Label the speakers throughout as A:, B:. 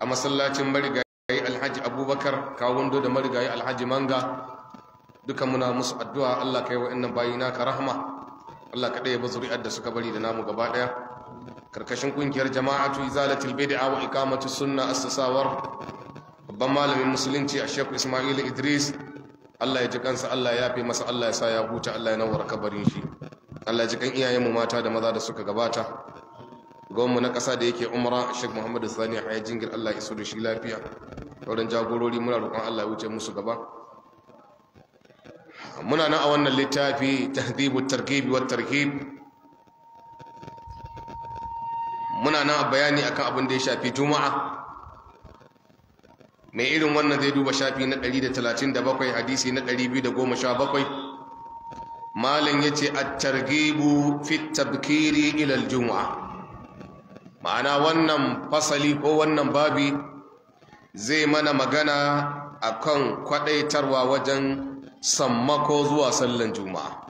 A: a masallacin marigayi alhaji abubakar kawun da marigayi alhaji manga duka muna musu addu'a allah ka yi wa'annan bayi ka rahama allah ka ɗaya ba zuri'ar da suka bari da namu gaba ɗaya karkashin ƙungiyar jama'atu izalatul bid'a wa iqamatu sunna assasawar babban malamin musulunci a shekku ismail idris allah ya ji kansa allah ya fi masa allah ya sa ya huta allah ya nawar kabarin shi allah ya ji kan iyayenmu mata da maza da suka gabata gwamnati na ƙasa da yake umra Sheikh Muhammadu Sani Hayya jingir Allah ya iso da shi lafiya sauran jagorori muna roƙon Allah ya wuce musu gaba muna nan a wannan littafi tahdhibu targhib wa Targib? muna nan a bayani akan abin da ya shafi juma'a mai irin wannan zai duba shafi na 137 hadisi na 217 malam ya ce a fi at-tabkiri ilal Juma'a. ma'ana wannan fasali ko wannan babi zai mana magana a kan kwadaitarwa wajen sammako zuwa sallan juma'a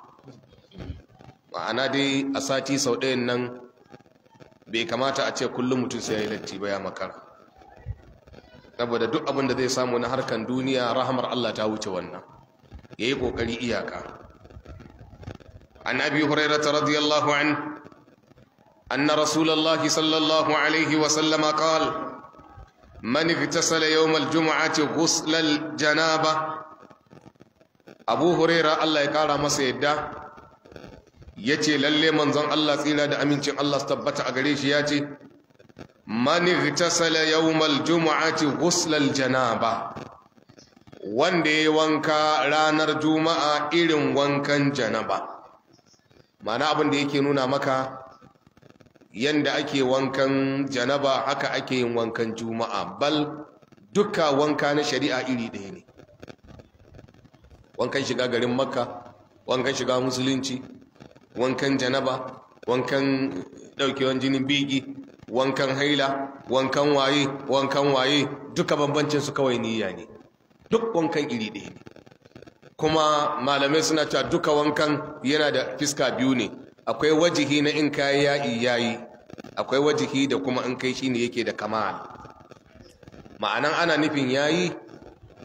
A: ma'ana dai a sati sau ɗayan nan bai kamata a ce kullum mutum sai ya yi latti ba ya makara saboda duk abin da zai samu na harkan duniya rahamar Allah ta wuce wannan ya yi ƙoƙari iyaka an abi hurairata radiyallahu an أن رسول الله صلى الله عليه وسلم قال من اغتسل يوم الجمعة غسل الجنابة أبو هريرة الله يقال ما سيدا يتي للي من ظن الله سينا دا أمين الله استبت أغريش ياتي من اغتسل يوم الجمعة غسل الجنابة wanda ya wanka ranar juma'a irin wankan janaba mana abin da yake nuna maka yanda ake wankan janaba haka ake yin wankan juma'a bal duka wanka na shari'a iri ɗaya ne wankan shiga garin makka wankan shiga musulunci wankan janaba wankan ɗaukewan jinin bigi wankan haila wankan waye wankan waye duka bambancin su kawai niyya ne duk wankan iri ɗaya ne kuma malamai suna cewa duka wankan yana da fiska biyu ne akwai wajihi na in ka kai yayi yayi akwai wajihi da kuma in kai ne yake da kama ma'anan ana nufin yayi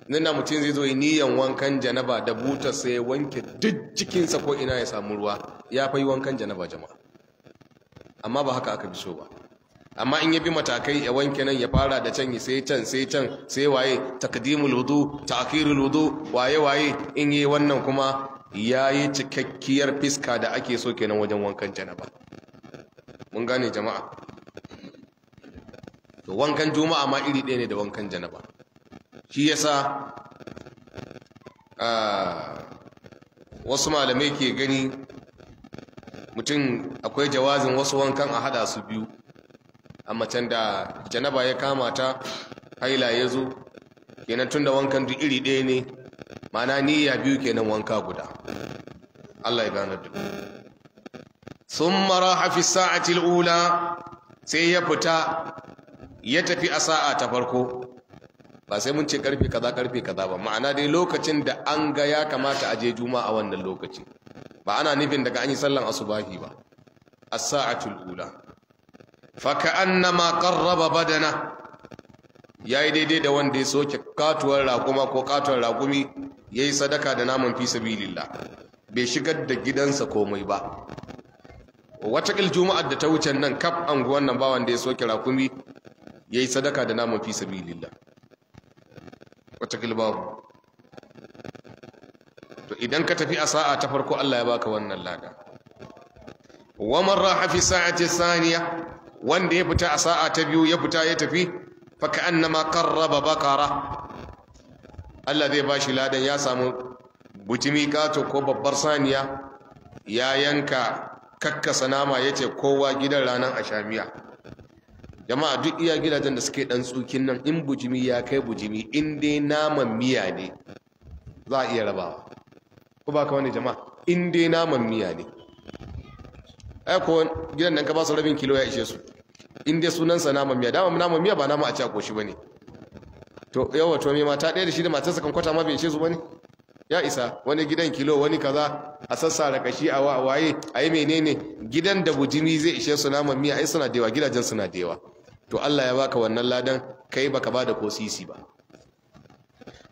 A: nuna mutum zai zo niyan wankan janaba da butar sai wanke duk jikinsa ko ina ya samu ruwa ya fai wankan janaba jama'a amma ba haka aka bi so ba amma in ya bi matakai ya wanke nan ya fara da can sai can sai can sai waye takdimul wudu ta'khirul wudu waye waye in yi wannan kuma ya yi cikakkiyar fiska da ake so kenan wajen wankan janaba mun gane jama'a to wankan juma'a ma iri ɗaya ne da wankan janaba shi yasa wasu malamai ke gani mutum akwai jawazin wasu wankan a hada su biyu a macen da janaba ya kama ta haila ya zo kenan tun da wankan duk iri ɗaya ne Ma'ana niyya biyu kenan wanka guda Allah ya gane duk sun mara hafi sa'atil ula sai ya fita ya tafi a sa'a ta farko ba sai mun ce karfe kaza karfe kaza ba ma'ana dai lokacin da an ga ya kamata a je juma'a wannan lokaci ba ana nufin daga an yi sallan asubahi ba as-sa'atul ula fa ka'annama qarraba badana ya yi daidai da wanda ya soke katuwar raƙuma ko katuwar raƙumi ya yi sadaka da naman fi sabilillah bai shigar da gidansa komai ba ƙil juma'ar da ta wuce nan kaf anguwan nan ba wanda ya soke raƙumi ya yi sadaka da naman fi sabilillah ƙil babu to idan ka tafi a sa'a ta farko Allah ya baka wannan lada wa man raha fi sa'ati thaniya wanda ya fita a sa'a ta biyu ya fita ya tafi fa ka'annama qarraba bakara Allah zai ba shi ladan ya samu bujimi gato ko babbar saniya ya yanka kakkasa nama ce kowa gidan ranar ashamiya jama'a duk iya gidajen da suke dan tsukin nan in bujimi ya kai bujimi in dai naman miya ne za a iya rabawa ko ba ka wani jama'a in dai naman miya ne ai ko gidan nan ka ba su rabin kilo ya ishe su in dai sunansa naman miya dama naman miya ba naman a ci a koshi bane to yawa to me mata ɗaya da shi da matarsa kan kwata ma bai ce su bane ya isa wani gidan kilo wani kaza a sassa da kashi a waye a yi menene gidan da bujimi zai ishe su naman miya ai suna yawa? gidajen suna yawa? to Allah ya baka wannan ladan kai baka ba da kosisi ba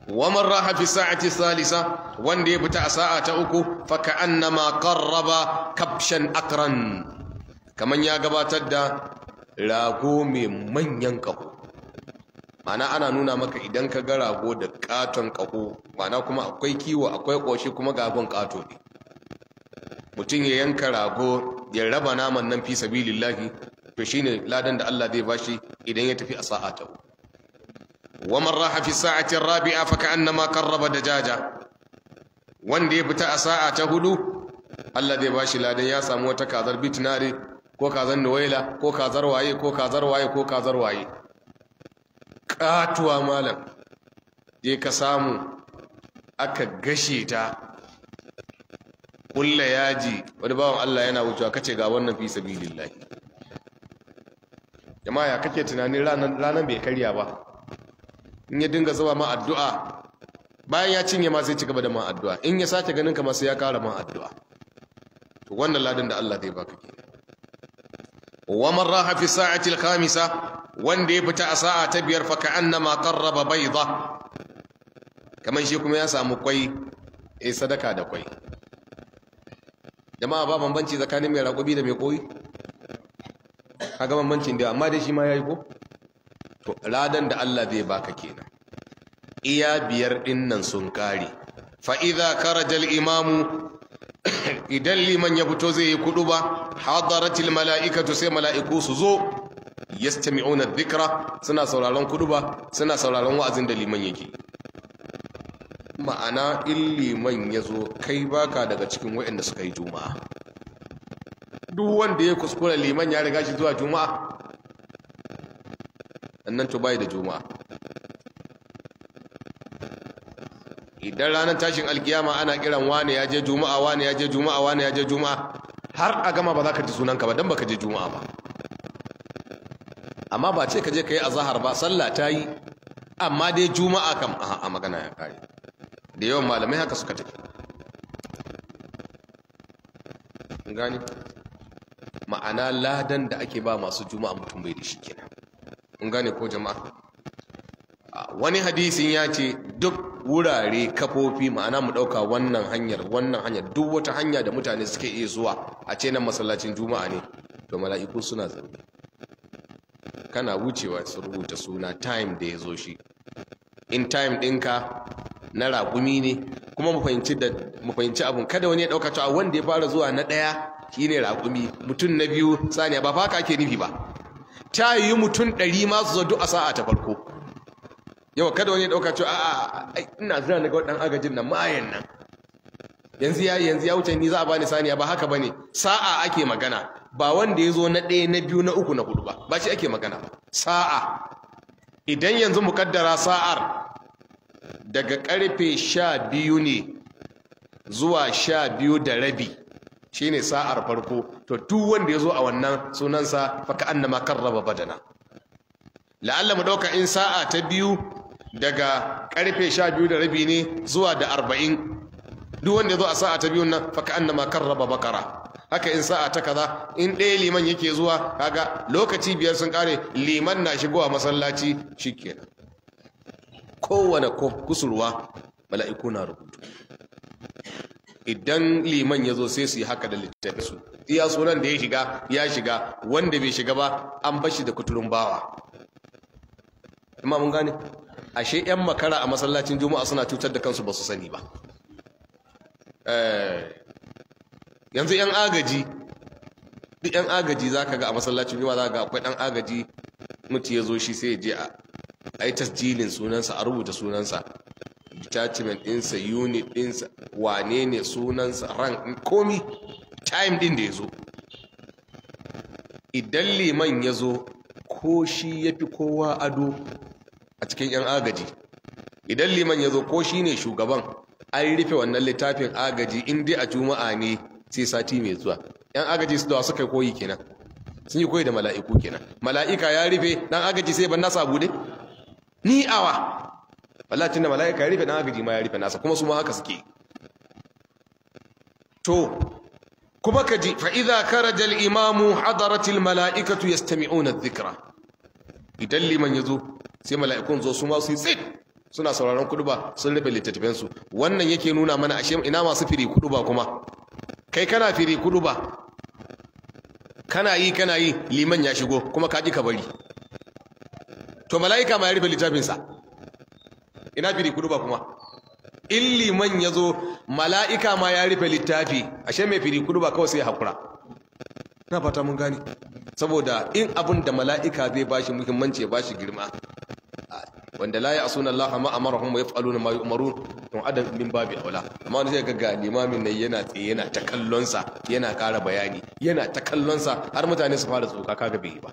A: waman raha fi sa'ati salisa wanda ya fita a sa'a ta uku fa annama, qarraba kabshan akran kaman ya gabatar da rago mai manyan ƙaho mana ana nuna maka idan ka ga rago da katon ƙaho mana kuma akwai kiwo akwai ƙoshi kuma gagon ƙato ne mutum ya yanka rago ya raba naman nan fi sabilillahi to shine ladan da Allah zai bashi idan ya tafi a sa'a ta man raha fi sa'ati rabi'a fa ka'annama قرب dajaja wanda ya fita a sa'a ta hudu Allah zai bashi ladan ya samu wata kazar bitinare ko kazan nuwaila ko kazar waye ko kazar waye ko kazar waye katuwa malam je ka samu aka gashe ta kulla yaji wani bawan Allah yana wucewa kace ga wannan fi sabilillahi jama'a ya kake tunanin ranan bai karya ba in ya dinga zuba ma addu'a bayan ya cinye ma sai ci gaba da ma addu'a in ya sake ganin ka ma sai ya kara ma addu'a to wannan ladin da Allah zai baka kenan wa man raha fi sa'ati al-khamisa wanda ya fita a sa'a ta biyar fa ka'annama qarraba bayda kaman shi kuma ya samu kwai eh sadaka da kwai jama'a ba bambanci tsakanin mai raƙubi da mai koyi kaga bambancin da amma dai shi ma yayi ko to ladan da Allah zai baka kenan iya biyar ɗinnan sun kare Fa'ida idza imamu idan liman ya fito zai yi kudu ba hadaratil mala'ikatu sai mala'iku su zo yastami'una dhikra suna sauraron kudu ba suna sauraron wa'azin da liman yake ma'ana in liman ya zo kai baka daga cikin waɗanda suka yi juma'a duk wanda ya kuskura liman ya riga shi zuwa juma'a annan to bai da juma'a idan ranar tashin alkiyama ana kiran wane ya je juma'a wane ya je juma'a wane ya je juma'a har a gama ba za ka ji sunanka ba don ba ka je juma'a ba amma ba ce ka je ka yi azahar ba sallah ta yi amma dai juma'a kam a magana ya kare da yawan malamai haka suka tafi gani ma'ana ladan da ake ba masu juma'a mutum bai da shi kenan in gane ko jama'a wani hadisin ya ce duk wurare kafofi ma'ana mu ɗauka wannan hanyar wannan hanyar duk wata hanya da mutane suke iya zuwa a ce nan masallacin juma'a ne to mala'iku suna zaune kana wucewa su rubuta suna time da ya zo shi in time ɗinka na ragumi ne kuma mu fahimci abin kada wani ya ɗauka cewa wanda ya fara zuwa na ɗaya ne rakumi mutum na biyu saniya ba faka ka ke nufi ba ta yi mutum ɗari masu su zo duk a sa'a ta farko yau kada wani ya dauka cewa a'a ina zira na ga dan agajin nan mayan nan yanzu ya yanzu ya wuce ni za a bani saniya ba haka bane sa'a ake magana ba wanda ya zo na ɗaya na biyu na uku na hudu ba ba shi ake magana ba sa'a idan yanzu mu sa'ar daga karfe sha biyu ne zuwa sha biyu da rabi shine sa'ar farko to duk wanda ya zo a wannan sunansa fa ka annama karraba badana la'alla mu dauka in sa'a ta biyu daga karfe sha biyu da rabi ne zuwa da arba'in duk wanda ya zo a sa'a ta biyun nan faka an nama raba bakara haka in sa'a ta kaza in ɗaya liman yake zuwa kaga lokaci biyar sun kare liman na shigowa masallaci shikenan kowane kusurwa mala'iku na rubutu idan liman ya zo sai su yi haka da littafi su iya sunan da ya shiga ya shiga wanda bai shiga ba an bashi da kuturin bawa imamun mun gane ashe yan makara a masallacin juma'a suna cutar da kansu ba su sani ba eh, yanzu yan agaji duk yan agaji za ka ga a masallacin juma'a za ka ga akwai ɗan agaji mutu ya zo shi sai ya je a yi tasjilin sunansa a rubuta sunansa detachment ɗinsa unit ɗinsa wane ne sunansa ran komi time ɗin da ya zo idan liman ya zo ko shi ya fi kowa ado a cikin 'yan agaji idan liman ya zo ko shi ne shugaban an rufe wannan littafin agaji in dai a juma'a ne sai sati mai zuwa 'yan agaji su dawa suka koyi kenan sun yi koyi da mala'iku kenan mala'ika ya rufe dan agaji sai ban nasa bude ni awa wallahi tunda mala'ika ya rufe dan agaji ma ya rufe nasa kuma su ma haka suke to kuma kaji fa idza kharaja al imamu hadarat mala'ikatu yastami'una adh-dhikra idan liman yazo sai mala'ikun zo su ma su yi tsit suna sauraron kuduba sun rufe littattafansu wannan yake nuna mana ashe ina masu firi kuduba kuma kai kana firi kuduba kana yi kana yi liman ya shigo kuma ka ji ka bari to mala'ika ma ya rufe littafinsa ina firi kuduba kuma in liman ya zo mala'ika ma ya rufe littafi ashe mai firi kuduba kawai sai ya haƙura na fata mun gani saboda in abin da mala'ika zai shi muhimmanci ya shi girma wanda la ya asuna Allah ma ya wa na ma umaru, don adam min babi aula amma wani zai ga ga limamin nan yana tsaye yana ta kallonsa yana ƙara bayani yana ta kallon har mutane su fara tsoka kaga bai yi ba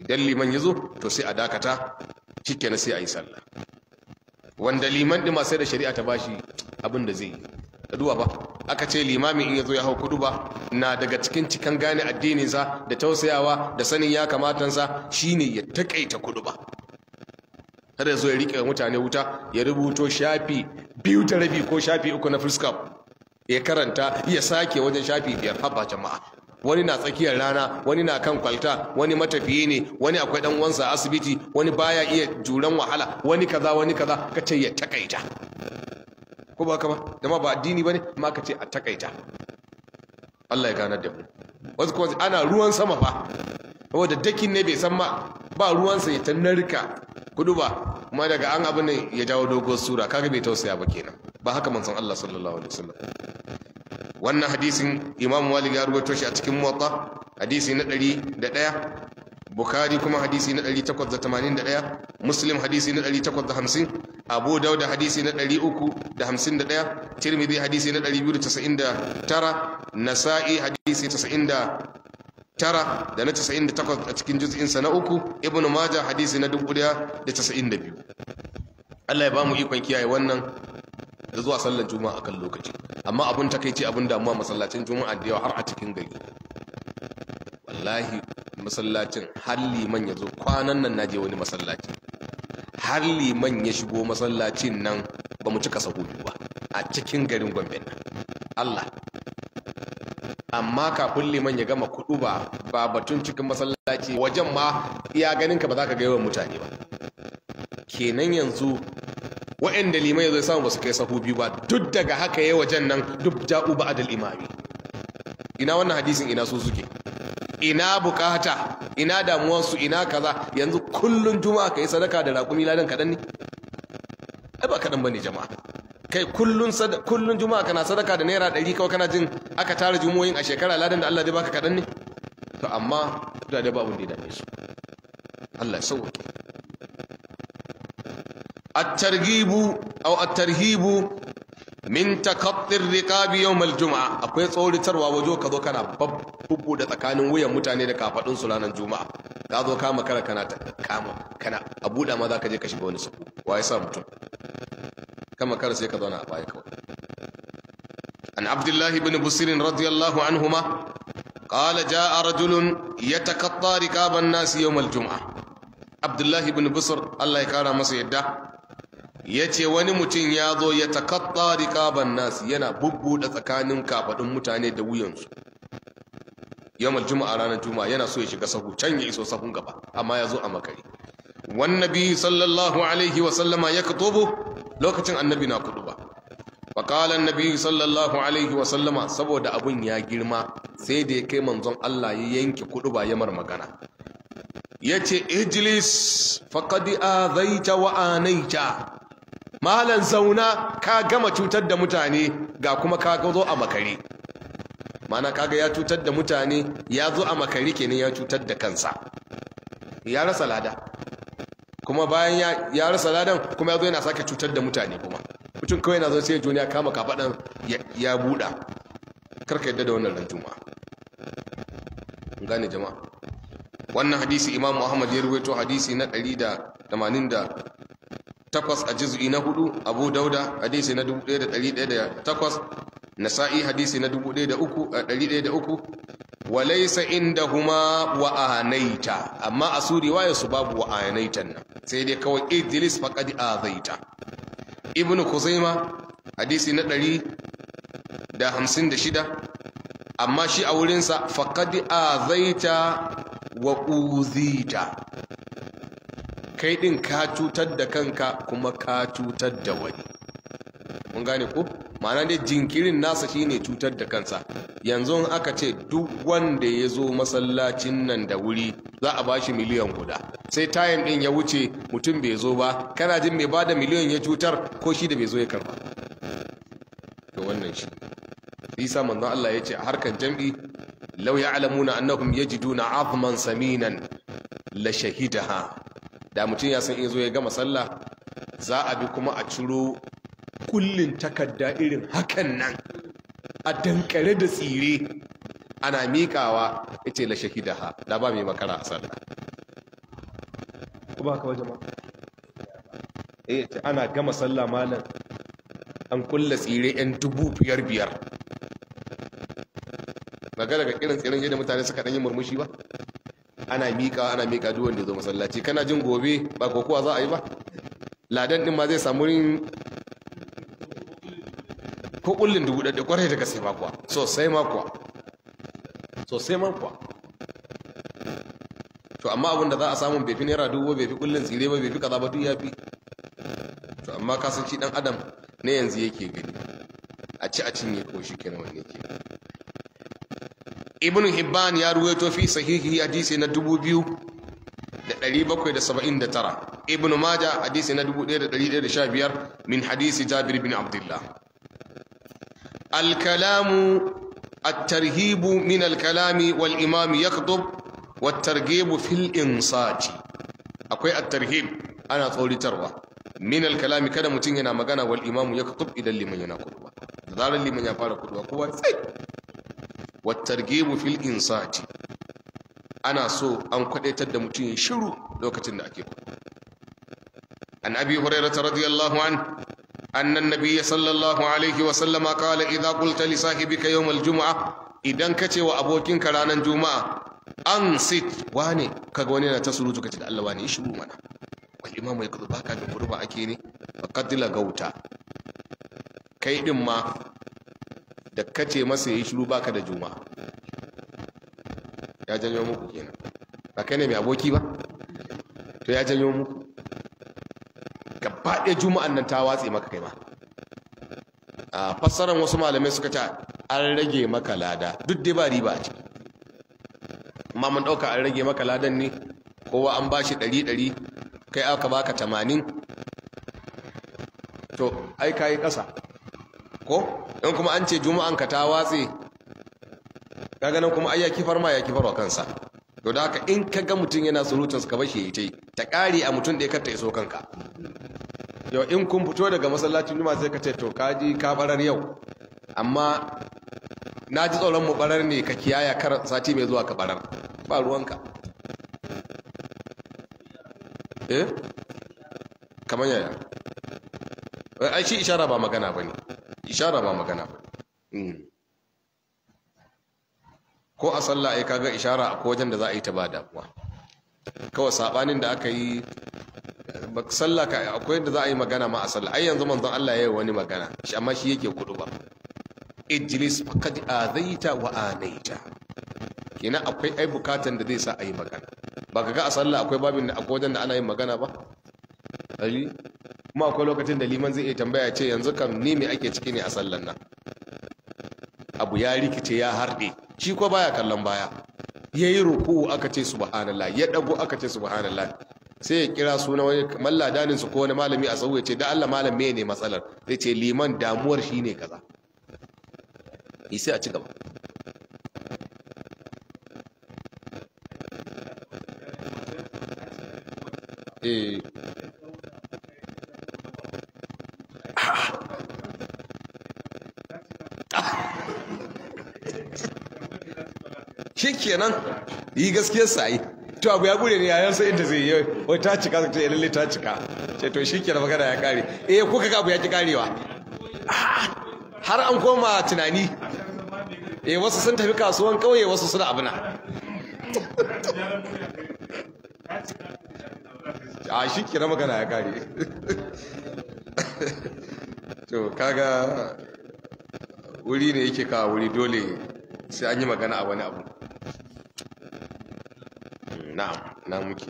A: idan liman zo, to sai a dakata na sai a yi sallah wanda liman din ma sai da shari'a ta bashi abin da zai yi duwa ba aka ce limamin in ya zo ya hau kudu ba na daga cikin cikan gane addininsa da tausayawa da sanin ya kamatansa ne ya takaita kudu ba kada zo ya rike mutane wuta ya rubuto shafi biyu ta rabi ko shafi uku na fuska ya karanta ya sake wajen shafi biyar haba jama'a wani na tsakiyar rana wani na kan kwalta wani matafiye ne wani akwai dan uwansa asibiti wani baya iya juran wahala wani kaza wani kaza kace ya takaita ko ba ka ba dama ba addini ne? amma ka ce a takaita Allah ya ganar da mu wasu kuma ana ruwan sama fa saboda dakin ne bai san ma ba ruwansa ya ta narka kudu ba kuma daga an abu ne ya jawo dogon sura kaga bai tausaya ba kenan ba haka manzon Allah sallallahu alaihi wasallam wannan hadisin Imam Malik ya rubuto shi a cikin Muwatta hadisi na ɗari da ɗaya bukhari kuma hadisi na 881 muslim hadisi na 850 abu dauda hadisi na 351 tirmidhi hadisi na 299 nasa'i hadisi 90 tara da na casa'in da takwas a cikin juz'insa na uku ibn majah hadisi na dubu ɗaya da casa'in da biyu allah ya ba mu ikon kiyaye wannan da zuwa sallar juma'a a kan lokaci amma abun takaici abun damuwa masallacin juma'a da yawa har a cikin gari wallahi masallacin har liman ya zo kwanan nan naje wani masallaci har liman ya shigo masallacin nan ba mu cika sahu ba a cikin garin gombe nan Allah amma kafin liman ya gama kudu ba ba batun cikin masallaci wajen ma iya ganin ka ba za ka gaiwa mutane ba kenan yanzu wa'inda liman ya zo samu ba su kai sahu ba duk daga haka yayi wajen nan duk ja'u ba adal imami ina wannan hadisin ina so suke ina bukata ina damuwarsu ina kaza yanzu kullun juma'a kai sadaka da raƙumi ladan kaɗan ne ai ba kaɗan bane jama'a kai kullun kullun juma'a kana sadaka da naira ɗari kawai kana jin aka tara jumoyin a shekara ladan da Allah zai baka kaɗan ne to amma da da babu da ya dame su Allah ya at-targhibu aw at-tarhibu min taqatti ar-riqabi yawm al-jum'a akwai tsoritarwa wajo ka zo kana babu da tsakanin wuyan mutane da kafaɗin su ranar juma'a ka zo kama kara kana ta kama kana a buɗa ma za ka je ka shiga wani sabu wa ya sa mutum kama kara sai ka zauna a baya kawai an abdullahi bin busirin radiyallahu anhuma قال جاء رجل يتقطى ركاب الناس يوم الجمعة عبد الله بن بصر الله يكرم مسا يدا yace wani mutum ya zo ya takatta rikaban nas yana bubbuda tsakanin kafadun mutane da wuyansu yawmal juma'a ranar juma'a yana so ya shiga sahu can ya iso sahun gaba amma ya zo a makare wannabi nabi sallallahu alaihi wa sallama ya tobo lokacin annabi na kudu ba qala nabi sallallahu alaihi wa saboda abin ya girma sai da ya kai manzon Allah ya yanke kutuba ya ce magana yace ijlis zai ta wa anaita malan zauna ka gama cutar da mutane ga kuma ka zo a makare mana kaga ya cutar da mutane ya zo a makari kenan ya cutar da kansa ya rasa lada kuma bayan ya rasa ladan kuma ya zo yana sake cutar da mutane kuma mutum kawai na zo sai juniya kama kafaɗan ya buɗa karka yadda da wannan rantuma gane jama'a wannan hadisi imam muhammad ya rubuto hadisi na takwas a juz'i na 4 abu dauda hadisi na takwas. nasa'i hadisi na 1300 wa laysa indahuma wa ahanaita amma a suri waye su babu wa ahanaitan nan sai dai kawai idlis faqad azaita ibnu kuzaima hadisi na 156 amma shi a wurinsa faqad azaita wa uzita kai din ka cutar da kanka kuma ka cutar da wani mun gane ko ma'ana dai jinkirin nasa shine cutar da kansa yanzu aka ce duk wanda ya zo masallacin nan da wuri za a bashi miliyan guda sai tayin din ya wuce mutum bai zo ba kana jin mai bada miliyan ya cutar ko shi da bai zo ya karba to wannan shi isa manzo Allah ya ce a harkar jam'i law ya'lamuna annahum yajiduna 'azman saminan la shahidaha da mutum ya san in zo ya gama sallah za a bi kuma a ciro kullin takarda irin hakan nan a dankare da tsire ana miƙawa ya ce la da ha da ba mai makara a sallah ku ba ka waje ma eh, ya ce ana gama sallah malam an kulla tsire 'yan dubu biyar biyar daga daga irin tsirin yadda mutane suka ɗanyi murmushi ba ana miƙa ana miƙa duwan da zo masallaci kana jin gobe ba kokowa za a yi ba ladan ɗin ma zai samu rin ko kullun dubu ɗaya kwarai da sai ma kuwa sosai ma kuwa sosai ma kuwa to amma abin da za a samu bai fi naira dubu bai fi kullun tsire ba bai fi kaza ba duk ya fi to amma ka san shi dan adam na yanzu yake gani a ci a cinye ko shi kenan wanne ke ibn hibban ya ruwaito fi sahihi hadisi na dubu biyu da ɗari bakwai da saba'in da tara ibn maja hadisi na dubu ɗaya da ɗari ɗaya da sha biyar min hadisi jabir bin abdullah الكلام الترهيب من الكلام والإمام يخطب والترغيب في الإنصات أقوي الترهيب أنا طولي تروى من الكلام كده متين مغانا والإمام يخطب إلى اللي من ينقض دار اللي من يفعل قدوة قوة والترغيب في الإنصات أنا سو أن قد يتد متين شرو لوكة أكيد عن أبي هريرة رضي الله عنه أن النبي صلى الله عليه وسلم قال إذا قلت لصاحبك يوم الجمعة idan ka ce wa abokinka ranar juma'a an sit wane kaga wani na ta surutu ka ce da Allah wane ya shiru mana wal imamu ya kudu baka da gurba ake ne faqadila gauta kai din ma da ka masa ya shiru baka da juma'a ya janyo muku kenan ba kai ne mai aboki ba to ya janyo muku Faɗe juma'an nan ta watse maka kai ma a fassarar wasu malamai suka ce an rage maka lada duk dai ba riba ce amma mun ɗauka an rage maka ladan ne kowa an ba shi ɗari ɗari kai aka baka tamanin to ai ka yi ƙasa ko in kuma an ce juma'an ka ta watse Ka nan kuma ai ya kifar ma ya kifar wa kansa to da haka in ka ga mutum yana surutun ka bashi ya yi ta yi ta ƙari a mutum ɗaya kar ta iso kanka yau in kun fito daga masallacin juma'a sai ka ce to kaji ka barar yau amma na ji tsoron mu barar ne ka kiyaya kar sati mai zuwa ka barar ba ruwanka eh kamar yaya eh, ai shi ishara ba magana bane ishara ba magana ba. Hmm. ko a sallah ai kaga ishara a wajen da za a yi ta ba damuwa kawai sabanin da aka yi sallah ka akwai yadda za a yi magana ma a sallah ai yanzu manzon Allah ya yi wani magana shi amma shi yake kudu ba ijlis faqad azaita wa anaita kina akwai ai bukatan da zai sa a yi magana ba ka ga a sallah akwai babin da akwai wajen da ana yin magana ba ali kuma akwai lokacin da liman zai iya tambaya ce yanzu kam ni me ake ciki ne a sallan nan abu ya rikice ya harde shi ko baya kallon baya yayi ruku aka ce subhanallah ya dago aka ce subhanallah sai ya kira suna wani malladaninsu ko wani malami a tsawo ya ce da Allah malam me ne matsalar zai ce liman damuwar shi ne kaza isai a ci gaba eh. shi kenan yi gaskiyar sa'ai to abu ya bude ne yayan sai inda zai yi wai ta cika ta eh, lalle ta cika ce to shikenan magana ya kare eh ko kaga abu ya ki karewa har an koma tunani eh wasu sun tafi kasuwan kauye wasu suna abuna a ah, shi kira magana ya kare to kaga wuri ne yake kawo wuri dole sai an yi magana a wani abu na muke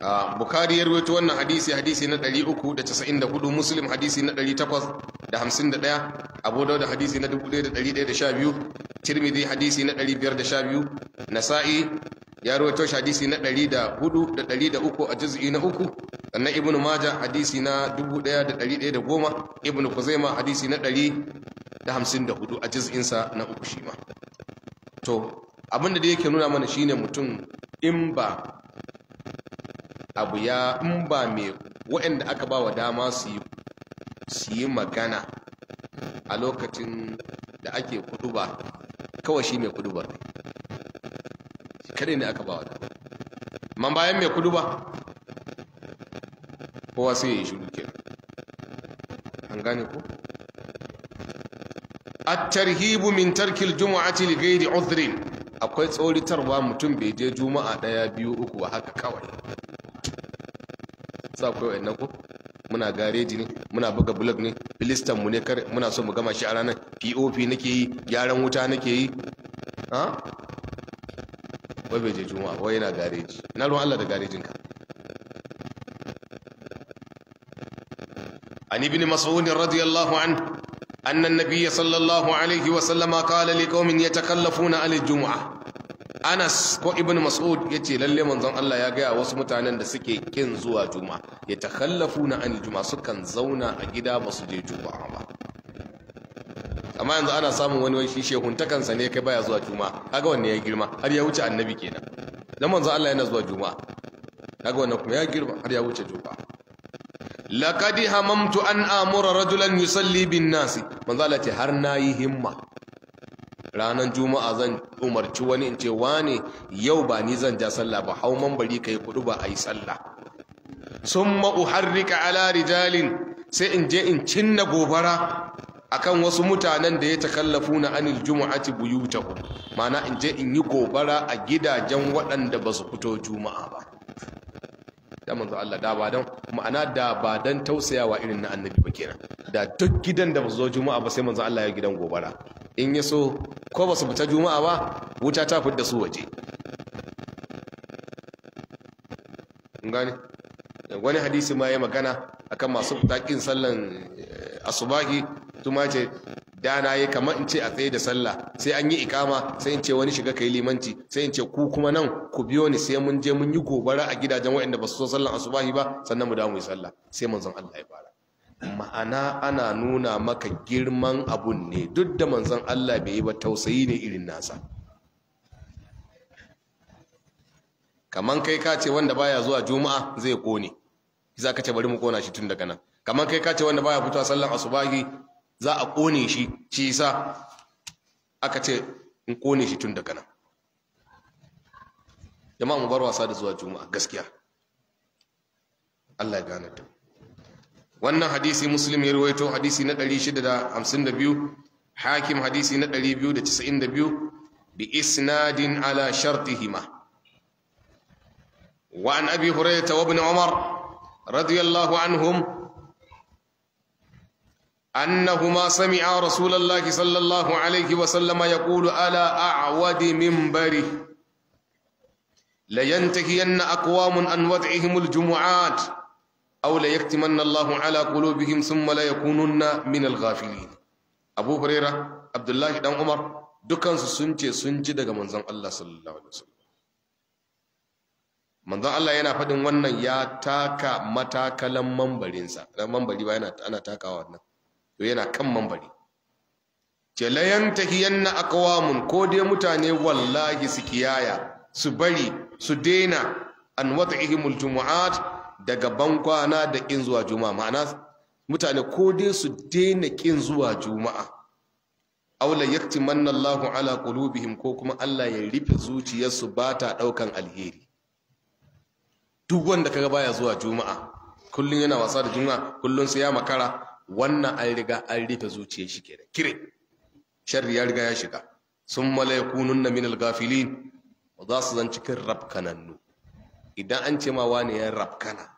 A: a bukari ya rawaito wannan hadisi hadisi na 394 muslim hadisi na 851 abu dauda hadisi na 1112 tirmidhi hadisi na 512 nasa'i ya rawaito shi hadisi na 104 da 103 a juz'i na 3 sannan ibnu maja hadisi na 1110 ibnu kuzaima hadisi na 154 a juz'insa na 3 shi ma to abinda da yake nuna mana shine mutum in ba abu ya in ba mai waɗanda aka ba wa dama su yi magana a lokacin da ake ba kawai shi mai kudu ba, kadai ne aka ba wa dama man bayan mai ba? kowa sai ya yi shiru ke an gane ku A tarhibu min tarkil jumu'ati li ghairi akwai tsoritarwa mutum bai je juma'a ɗaya biyu uku ba haka kawai sa kai wa'annan ko muna gareji ne muna buga blog ne filistan mu ne kar muna so mu gama shi a ranar pop nake yi gyaran wuta nake yi ha wai bai je juma'a wai yana gareji na ruwan Allah da garejin ka an ibn mas'ud radiyallahu anhu أن النبي صلى الله عليه وسلم قال لقوم يتخلفون عن الجمعة Anas ko Ibn Mas'ud yace lalle manzon Allah ya gaya wasu mutanen da suke kin zuwa juma'a ya na an juma'a sukan zauna a gida ba su je juma'a ba amma yanzu ana samun wani wani shishe huntakansa ne kai baya zuwa juma'a kaga wanne ya girma har ya wuce annabi kenan dan manzon Allah yana zuwa juma'a kaga wannan kuma ya girma har ya wuce juma'a Lakadi hamamtu an amura rajulan yusalli bin nasi manzon Allah ce har nayi himma ranan juma'a zan umarci wani in ce wane yau ba ni zan ja sallah ba hau mambari yi kudu ba a yi sallah summa uharrika ala rijalin sai in je in cinna gobara akan wasu mutanen da ya takallafu na anil jumu'ati ku. mana in je in yi gobara a gidajen waɗanda ba su fito juma'a ba da manzo Allah da ba dan ma'ana da ba dan tausayawa irin na annabi ba kenan da duk gidan da ba su zo juma'a ba sai manzo Allah ya gidan gobara in ya so ko ba su fita juma'a ba wuta ta fidda su waje wani hadisi ma ya magana akan masu takin sallan eh, asubahi tuma ce dana ya kama in ce a tsaye da sallah sai an yi ikama sai in ce wani shiga kai limanci sai in ce ku kuma nan ku biyo ni sai mun je mun yi gobara a gidajen waɗanda ba su so sallan asubahi ba sannan mu dawo mu yi sallah sai manzon Allah ya fara ma'ana ana nuna maka girman abun ne duk da manzan Allah bai yi ba tausayi ne irin nasa kaman kai ka ce wanda baya zuwa juma'a zai kone za ka ce bari mu kona shi tun daga nan kaman kai ka ce wanda baya fitowa sallan asubahi za a kone shi shi yasa aka ce in kone shi tun daga nan jama'a mu bar wasa da zuwa juma'a gaskiya Allah ya gane ta wannan hadisi muslim ya ruwaito hadisi na 652 hakim hadisi na 292 bi isnadin ala shartihima wa an abi hurairah wa ibn umar radiyallahu anhum annahuma sami'a rasulullahi sallallahu alayhi wa sallama yaqulu ala a'wadi minbari la yantahiyanna aqwamun an wad'ihim al aw la yaktimanna Allahu ala qulubihim thumma la yakununna min al-ghafilin Abu Huraira Abdullahi dan Umar dukansu sun ce sun ji daga manzon Allah sallallahu alaihi wasallam manzon Allah yana faɗin wannan ya taka matakalan mambarinsa dan mambari ba yana ana takawa wannan to yana kan mambari ce la yantahiyanna aqwamun ko dai mutane wallahi su kiyaya su bari su daina an wad'ihimul jumu'at daga bankwana da ƙin zuwa juma'a ma'ana mutane ko dai su daina ƙin zuwa juma'a aula yaktimanna Allahu ala qulubihim ko kuma Allah ya rufe zuciyarsu ba ta ɗaukan alheri duk wanda kaga baya zuwa juma'a kullun yana wasa da juma'a kullun sai ya makara wannan an riga an rufe zuciyar shi kenan kire sharri ya riga ya shiga summa la yakununna min al za su zan cikin rabkanannu idan an ce ma wani ya rabkana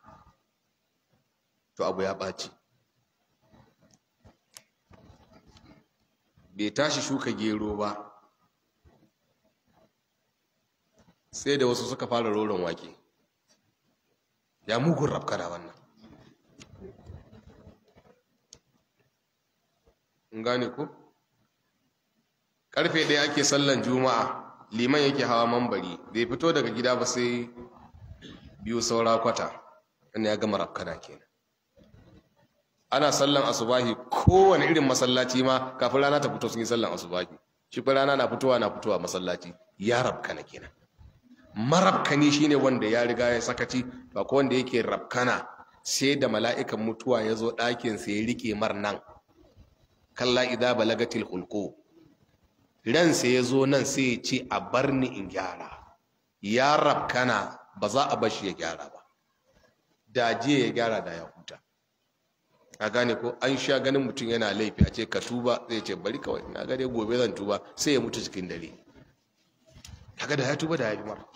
A: to abu ya ɓaci bai tashi shuka gero ba sai da wasu suka fara roron wake ya mugun da wannan in gane ku karfe ɗaya ake sallan juma'a liman yake hawa mambari bai fito daga gida ba sai biyu saura kwata wanda ya gama rafkana kenan ana sallan asubahi kowane irin masallaci ma kafin rana ta fito sun yi sallan asubahi shi fa rana na fitowa na fitowa masallaci ya rabkana kenan marabkani shine wanda ya riga ya sakaci ba ko wanda yake rabkana sai da mala'ikan mutuwa ya zo ɗakin sai ya rike mar nan kalla idza balagatil hulqu ran sai ya zo nan sai ya ce a barni in gyara ya rabkana ba za a shi ya gyara ba da jiya ya gyara da ya huta a gane ko an sha ganin mutum yana laifi a ce ka tuba zai ce bari kawai na gare gobe zan tuba sai ya mutu cikin dare kaga da ya tuba da ya yi mara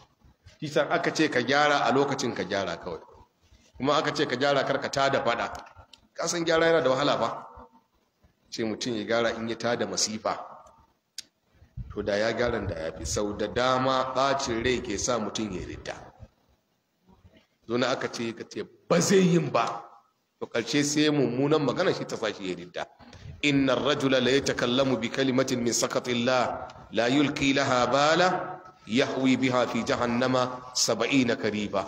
A: aka ce ka gyara a lokacin ka gyara kawai kuma aka ce ka gyara karka ta da fada kasan gyara yana da wahala ba ce mutum ya gyara in ya ta da masifa to da ya gyaran da ya fi sau da dama bacin rai ke sa mutum ya ridda zo na aka ce ka ce ba zai yin ba to karshe sai mummunan magana shi ta sashi ya didda inna rajula la yatakallamu bi kalimatin min sakatillah la yulqi laha bala yahwi biha fi jahannama 70 kariba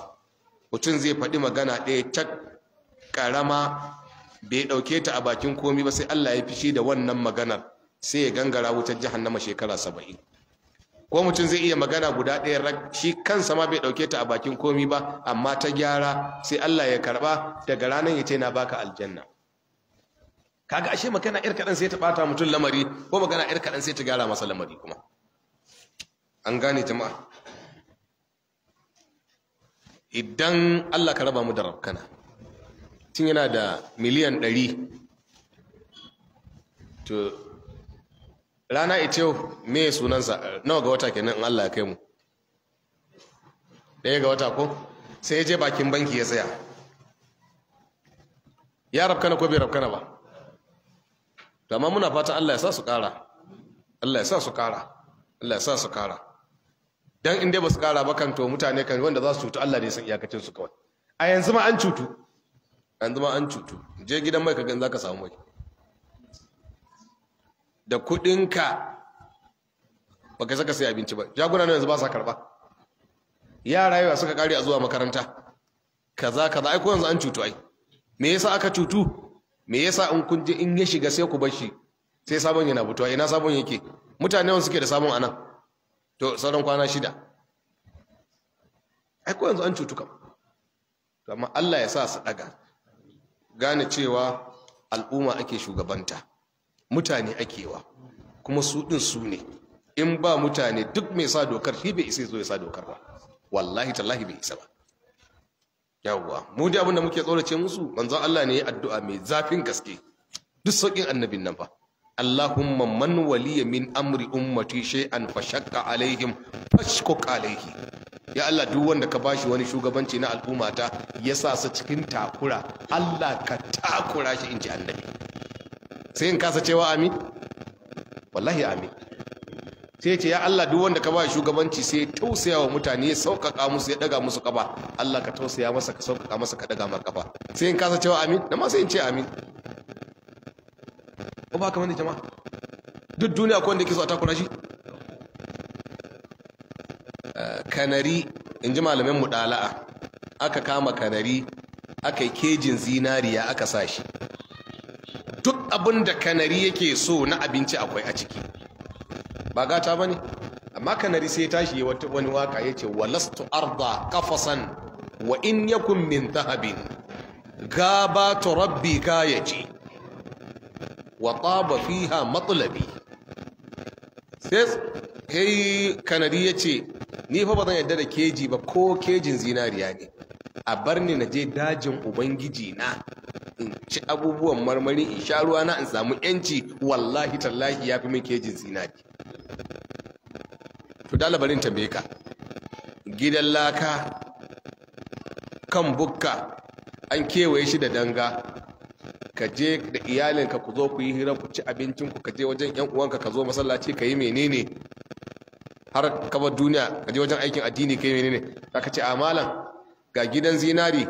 A: mutum zai faɗi magana ɗaya ta karama bai ɗauke ta a bakin komi ba sai Allah ya fi fishi da wannan maganar sai ya gangara wutar jahannama shekara 70 ko mutum zai iya magana guda ɗaya shi kansa ma bai ɗauke ta a bakin komi ba amma ta gyara sai Allah ya karɓa daga ranar ya ce na baka aljanna kaga ashe magana ƴar kaɗan sai ta ɓata mutum lamari ko magana ƴar kaɗan sai ta gyara masa lamari kuma an gane jama'a idan Allah ka raba mu da rabkana, tun yana da miliyan ɗari to rana ita yau me sunansa nawa ga wata kenan in Allah ya kai mu ɗaya ga wata ko sai ya je bakin banki ya tsaya ya rafkana ko bai rafkana ba to amma muna fata Allah ya sa su ƙara Allah ya sa su ƙara Allah ya sa su ƙara dan in dai ba su ƙara ba kan to mutane kan wanda za su cutu Allah ne san iyakacin su kawai a yanzu ma an cutu yanzu ma an cutu je gidan mai ka gan zaka samu mai da kuɗinka kai saka sai abinci ba jaguna yanzu ba sa karba? yara yawa suka kare a zuwa makaranta kaza kaza ai ko yanzu an cutu ai me yasa aka cutu me yasa in kun je in ya shiga sai ku bar shi sai sabon yana fitowa ina sabon yake mutane wanda suke da sabon anan to sauran kwana shida ai ko yanzu an cutu kam amma Allah ya sa su daga gane cewa al'umma ake shugabanta mutane wa, kuma su din su ne in ba mutane duk mai sa dokar shi bai isa zo ya sa dokar ba wallahi tallahi bai isa ba yawwa mu da abin da muke tsorace musu manzon Allah ne ya addu'a mai zafin gaske duk saukin annabin nan ba. Allahumma man waliya min amri ummati shay'an fashaqqa alaihim fashquq alaihi ya Allah duk wanda ka bashi wani shugabanci na al'ummata ya sa su cikin takura Allah ka takura shi inji annabi sai in kasa cewa amin wallahi amin sai ce ya Allah duk wanda ka ba shugabanci sai tausaya wa mutane ya sauƙaƙa musu ya daga musu kaba Allah ka tausaya masa ka sauƙaƙa masa ka daga masa kaba sai in kasa cewa amin da ma sai in ce amin ko ba kamar jama'a duk duniya ko wanda yake so a takura shi eh, kanari in ji malamin ɗala'a, aka kama kanari aka yi kejin zinariya aka sa shi abin da kanari yake so na abinci akwai a ciki ba gata ba ne amma kanari sai tashi ya wani waka ya ce walastu arda kafasan wa in yakun min zahabin gaba tu rabbi kayaci wa taba fiha matsalabi sai kanari ya ce ni fa ba zan yadda da keji ba ko kejin zinariya ne a bar ni na je dajin ubangiji na in ci abubuwan marmari in sha ruwa na in samu yanci wallahi tallahi ya fi min kejin zinari to da labarin tambaye ka gidan laka kan bukka an kewaye shi da danga ka je da iyalinka ku zo ku yi hira ku ci abincin ku ka je wajen yan uwanka ka zo masallaci ka yi menene har kaba duniya ka je wajen aikin addini ka yi menene ka ce malam ga gidan zinari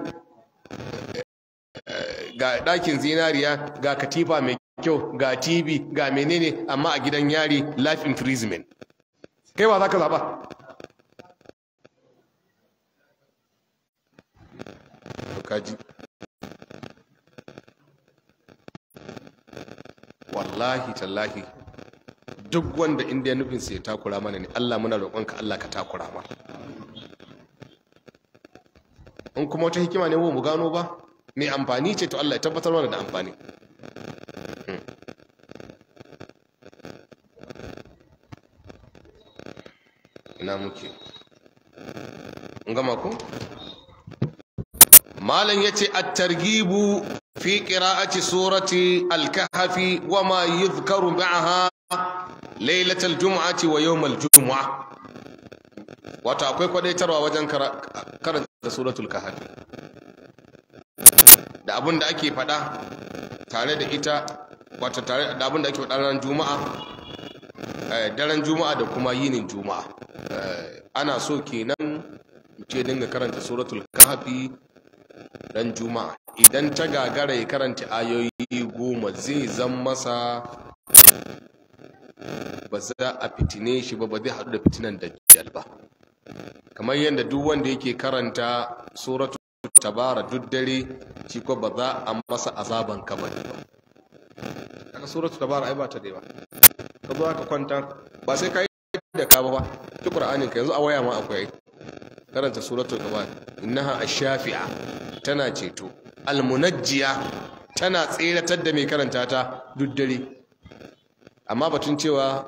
A: ga ɗakin zinariya ga katifa mai kyau ga tv ga menene amma a gidan yari life imprisonment kai ba za ka zaɓa wallahi tallahi duk wanda inda ya nufinsa ya takura mana ne allah muna roƙonka allah ka takura mana in kuma wata hikima ne mu gano ba mai amfani ce to Allah ya tabbatar mana da amfani ina muke gama ku malam yace at-targhibu fi qira'ati surati al kahf wa ma yuzkaru ba'aha al jum'ati wa al jum'ah wato akwai kwadaitarwa wajen karanta suratul kahf da abin da ake faɗa tare da ita wata tare da abin da ake fada ranar juma'a eh, daren juma'a da kuma yinin juma'a eh, ana so kenan ce dinga karanta suratul kahfi ran juma'a idan ta gagara ya karanta ayoyi goma zai zan masa ba za a fitine shi ba ba zai haɗu da fitinan dajjal ba kamar yadda duk wanda yake karanta suratul tabara duk dare shi ko ba za a masa azaban kamari ba daga suratu tabara ai ba ta da yawa ka zo ka kwanta ba sai ka yi da ka ba ki qur'anin ka yanzu a waya ma akwai karanta suratu tabara innaha ash-shafi'a tana ceto al-munajjiya tana tseratar da mai karanta ta duk dare amma batun cewa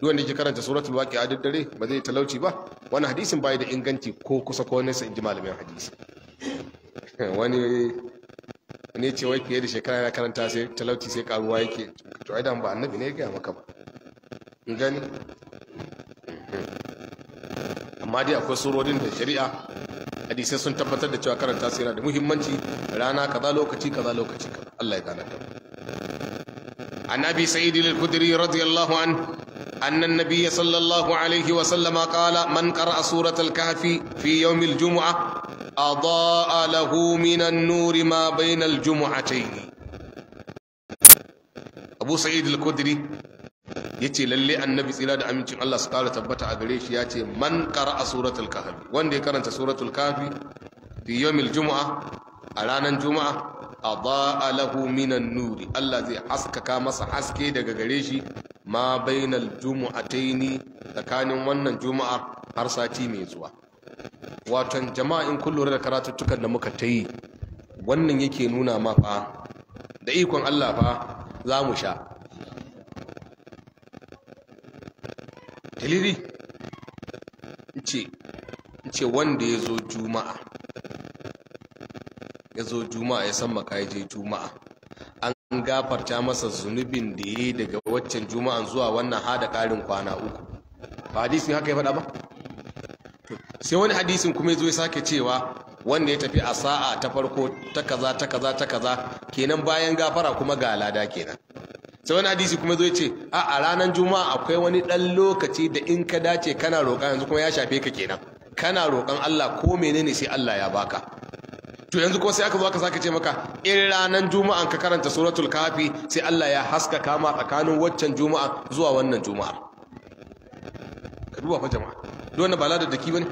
A: duk wanda ke karanta suratul a duk dare ba zai talauci ba wani hadisin bai da inganci ko kusa ko nesa in ji malamin hadisi wani ne ce wai fiye da shekara yana karanta sai talauci sai karuwa yake to ai ba annabi ne ya gaya maka ba in gani amma dai akwai surorin da shari'a hadisai sun tabbatar da cewa karanta sai yana da muhimmanci rana kaza lokaci kaza lokaci kaza Allah ya gane ka annabi sa'id al-khudri radiyallahu an ya sallallahu alaihi الله عليه وسلم قال من قرأ سورة الكهف في يوم الجمعة أضاء له من النور ما بين الجمعتين أبو سعيد الكدري yace lalle annabi tsira da amincin Allah su kara tabbata a gare shi yace man qara'a suratul kahfi wanda ya karanta suratul kahfi fi yawmil jumu'a a ranar juma'a adaa lahu minan nuri Allah zai haskaka masa haske daga gare shi ma bainal jumu'ataini tsakanin wannan juma'a har sati mai zuwa waton jama'a in kun lura da karatuttukan da muka ta yi wannan yake nuna ma fa da ikon Allah fa za mu sha dalili ce wanda ya zo juma'a ya zo juma'a ya san maka je juma'a an gafarta masa zunubin da ya yi daga waccan juma'an zuwa wannan hada karin kwana uku ba hadisi haka ya faɗa ba sai wani hadisin kuma zo ya sake cewa wanda ya tafi a sa'a ta farko ta kaza ta kaza ta kaza kenan bayan gafara kuma ga lada kenan sai wani hadisi kuma zo ya ce a a ranar juma'a akwai wani dan lokaci da in ka dace kana roƙa yanzu kuma ya shafe ka kenan kana roƙan Allah ko menene sai Allah ya baka to yanzu kuma sai aka zo aka sake ce maka in ranar juma'an ka karanta suratul kafi sai Allah ya haskaka ma tsakanin waccan juma'a zuwa wannan juma'a ka duba fa jama'a duk wannan ba ladar da ki bane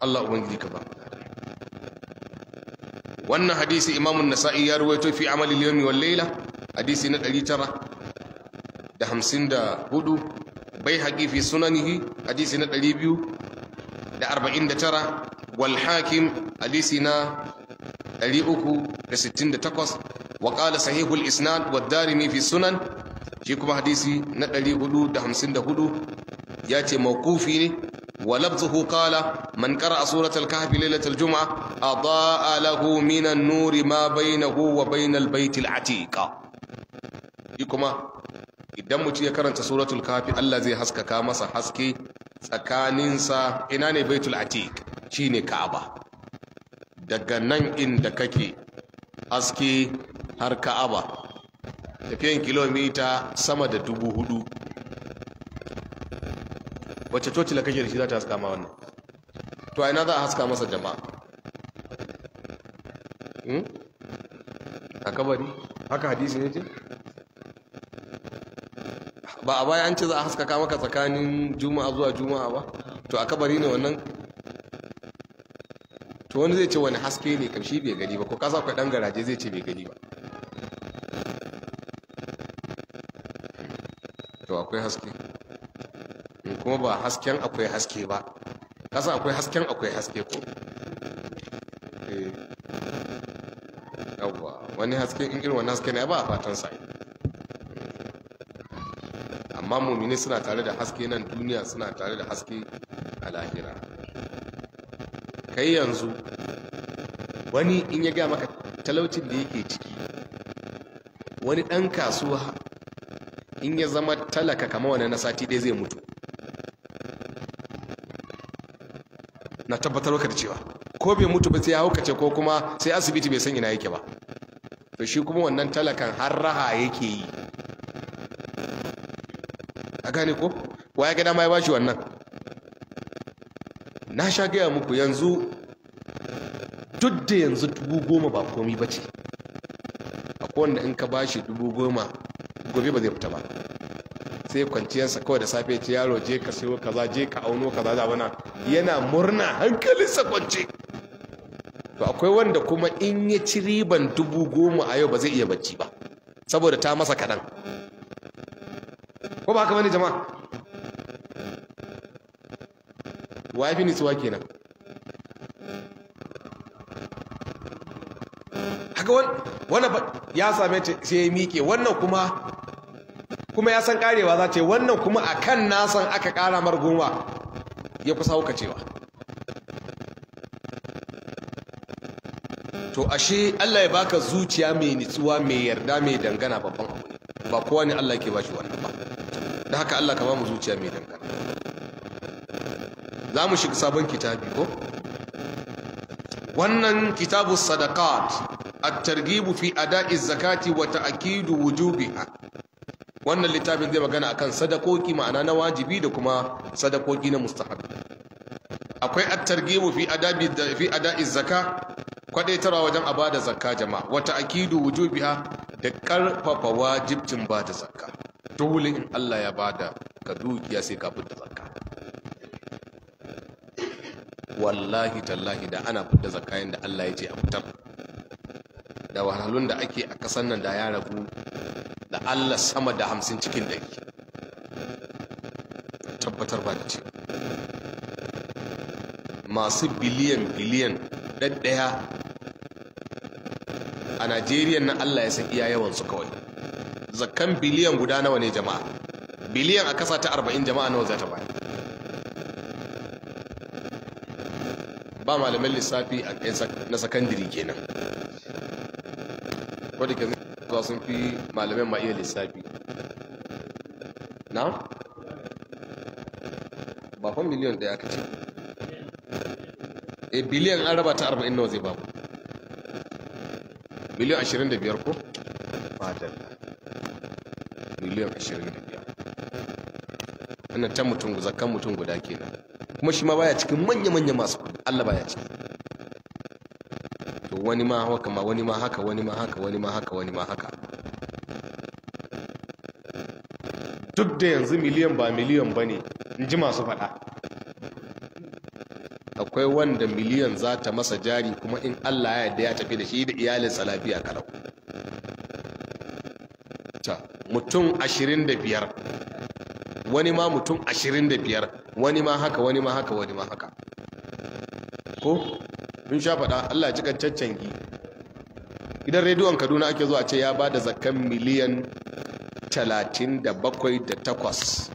A: Allah ubangiji ka ba wannan hadisi imamun nasa'i ya ruwaito fi amali liyomi wal laila hadisi na 954 bai fi sunanihi hadisi na 249 wal hakim hadisi na 368 wa qala sahihul isnad wad darimi fi sunan shi kuma hadisi na 454 ya ce maukufi ne wa lafzuhu kala man qara'a suratul kahfi lailatul juma'a a lahu minan nuri ma bainahu wa bainal baitil atiqa shi kuma idan mutum ya karanta suratul kafi Allah zai haskaka masa haske tsakaninsa ina ne baitul atiq shine ka'aba daga nan inda kake haske har ka'aba tafiyan kilomita sama da dubu hudu wacce coci da kake da shi za ta haska ma wannan to aina za a haska masa jama'a hmm? a kabari haka hadisi ne ce ba a bayan ce za a haskaka maka tsakanin juma'a zuwa juma'a ba to a kabari ne wannan to wani zai ce wani haske ne kamshi bai gani ba ko kasa kwa dan garaje zai ce bai gani ba akwai haske in eh, kuma ba hasken akwai haske ba kasa akwai hasken akwai haske ko eh. yawwa wani haske in irin wani haske ne ba a fatan sa amma mumini suna tare da haske nan duniya suna tare da haske a lahira kai yanzu wani in ya gaya maka talaucin da yake ciki wani ɗan kasuwa in ya zama talaka kama wani na sati ɗaya zai mutu na tabbatar wakar da cewa ko bai mutu ba sai ya haukace ko kuma sai asibiti bai san ina yake ba to shi kuma wannan talakan har raha yake yi a gane ko wa ya gada ma ya bashi wannan na sha gaya muku yanzu duk da yanzu dubu goma ba komi ba ce a wanda in ka bashi dubu goma gobe ba zai fita ba sai kwanciyarsa kawai da safe ce yaro je ka sayo kaza je ka auno kaza da wana yana murna hankalinsa kwance to akwai wanda kuma in ya ci riban dubu goma a yau ba zai iya bacci ba saboda ta masa kaɗan ko ba haka bane jama'a wafi suwa kenan haka wani ya same ta sai ya miƙe wannan kuma kuma ya san karewa za ce wannan kuma a kan nasan aka kara mar ya kusa cewa. to ashe Allah ya baka zuciya mai nitsuwa mai yarda mai dangana babban abu ne ba kowa ne Allah ke bashi wannan ba da haka Allah ka ba mu zuciya mai dangana za mu shiga sabon kitabi ko wannan kitabu sadakat at targibu fi ada'i zakati wa ta'kidu wujubiha wannan littafin zai magana akan sadakoki ma'ana na wajibi da kuma sadakoki na mustahab akwai at-targhibu fi adabi fi ada'i zakka kwadaitarwa wajen a bada zakka jama'a wata akidu wujubiha da karfafa wajibcin bada zakka dole in Allah ya bada ka dukiya sai ka fita zakka wallahi tallahi da ana fita zakka yanda Allah ya ce a fitar da wahalun da ake a kasan nan da ya ragu Allah sama da hamsin cikin ɗari tabbatar ba da ce masu biliyan biliyan ɗaɗɗaya a Najeriya na Allah ya san iya yawansu kawai zakkan biliyan guda nawa ne jama'a biliyan a kasa ta arba'in jama'a nawa za ta bayar ba malaman lissafi na sakandiri kenan wadda ke cewa sun fi malamin ma iya lissafi na? ba fa miliyan ɗaya ka ce e biliyan an raba ta arba'in nawa zai babu biliyan ashirin da biyar ko? fatan biliyan ashirin da biyar wannan can mutum zakkan mutum guda kenan kuma shi ma baya cikin manya-manya masu Allah baya ciki wani ma haka ma wani ma haka wani ma haka wani ma haka wani ma haka duk da yanzu miliyan ba miliyan ba ne in ji masu faɗa akwai wanda miliyan za ta masa jari kuma in allah ya yarda ya tafi da shi da iyalinsa lafiya kalau mutum ashirin da biyar wani ma mutum ashirin da biyar wani ma haka wani ma haka wani ma haka ko mun sha faɗa Allah ya cika caccanki idan rediyon Kaduna ake zuwa ce ya ba da zakan miliyan 37.8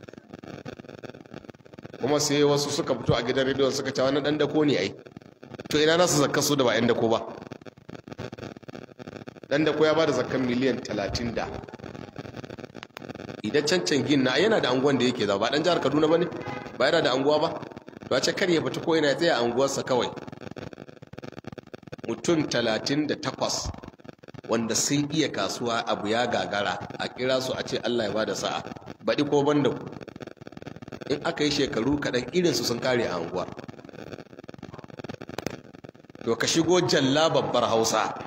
A: kuma sai wasu suka fito a gidan rediyon suka ce wani dan dako ne ai to ina nasu zakka su da ba yan dako ba dan dako ya ba da zakan miliyan 30 da idan gin na yana da anguwan da yake zama ba dan jihar Kaduna bane ba yana da anguwa ba to a ce kar ya fita ko yana ya a anguwarsa kawai mutum talatin da takwas wanda sun iya kasuwa abu ya gagara a kira su a ce Allah ya bada sa'a baɗi ko ban da ku in aka yi shekaru kaɗan irinsu sun kare a unguwa to ka shigo jalla babbar hausa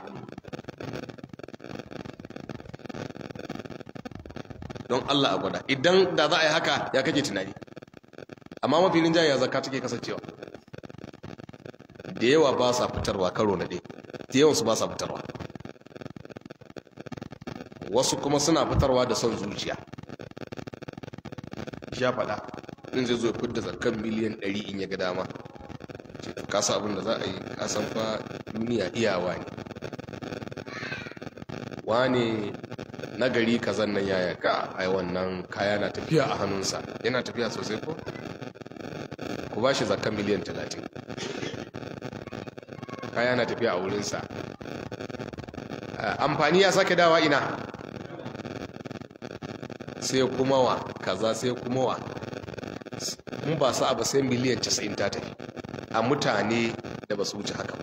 A: don Allah a gwada idan da za a yi haka ya kake tunani amma mafi rinjaya ya zaka take kasancewa da yawa ba sa fitarwa karo na ɗaya da yawansu ba sa fitarwa wasu kuma suna fitarwa da son zuciya ya faɗa in zai zo ya fidda zarkan miliyan ɗari in ya ga dama kasa abin da za a yi kasan fa duniya iyawa ne wane nagari kazan nan yaya ka ai wannan kaya na tafiya a hannunsa yana tafiya sosai ko ku ba shi zakan miliyan talatin kaya na tafiya a wurinsa eh, amfani ya sake dawa ina sai kuma wa kaza sai kuma wa mun ba su abu sai miliyan 90 ta tafi a mutane da ba su wuce haka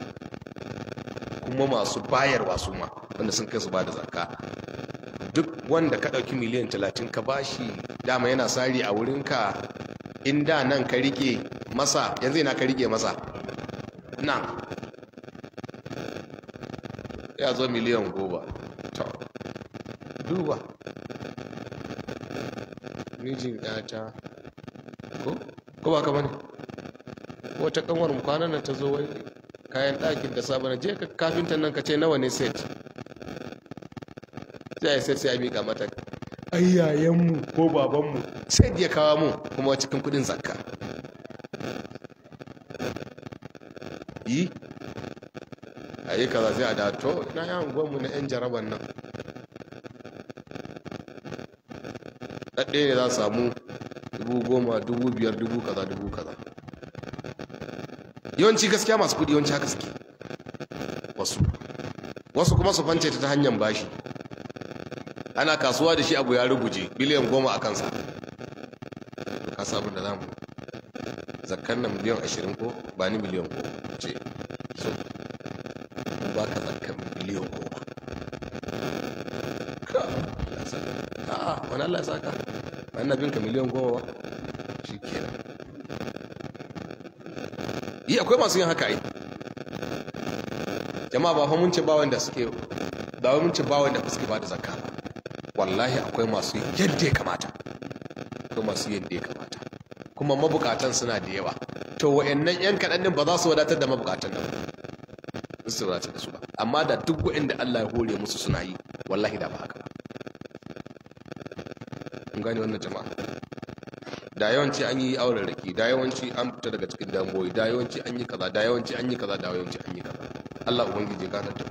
A: kuma masu bayarwa su ma wanda sun kai su ba da zakka duk wanda ka ɗauki miliyan 30 ka bashi dama yana sari a wurinka in da nan ka rike masa yanzu yana ka rike masa nan ya zo miliyan goma duba mijin yata ko ko ba ka wata kanwar mu kwanan nan ta zo wai kayan ɗakin da sabon je ka kafin nan ka ce nawa ne set sai a set sai a miƙa mata ayyayenmu ko babanmu sai ya kawo mu kuma cikin kuɗin zakka yi yi kaza sai a da to na yi anguwanmu na 'yan jaraban nan ɗaɗɗe ne za samu dubu goma dubu biyar dubu kaza dubu kaza yawanci gaskiya masu kuɗi yawanci haka suke wasu wasu kuma su fance ta hanyar bashi ana kasuwa da shi abu ya rubuje biliyan goma a kansa ka sabu da zamu zakkan na miliyan ashirin ko ba ni miliyan ko ce wani Allah ya saka ba ina ka miliyan goma ba shi kenan yi akwai masu yin haka yi jama'a ba fa mun ce ba wanda suke ba wai mun ce ba wanda suke ba da zakka ba wallahi akwai masu yadda ya kamata akwai masu yadda ya kamata kuma mabukatan suna da yawa to wa'annan yan kaɗan din ba za su wadatar da mabukatan nan ba su wadatar da su ba amma da duk wa'anda Allah ya hore musu suna yi wallahi da ba haka gane wannan jama'a da yawanci an yi auren rake da yawanci an fita daga cikin damuwoyi da yawanci an yi kaza da yawanci an yi kaza da yawanci an yi kaza Allah ubangiji ka ta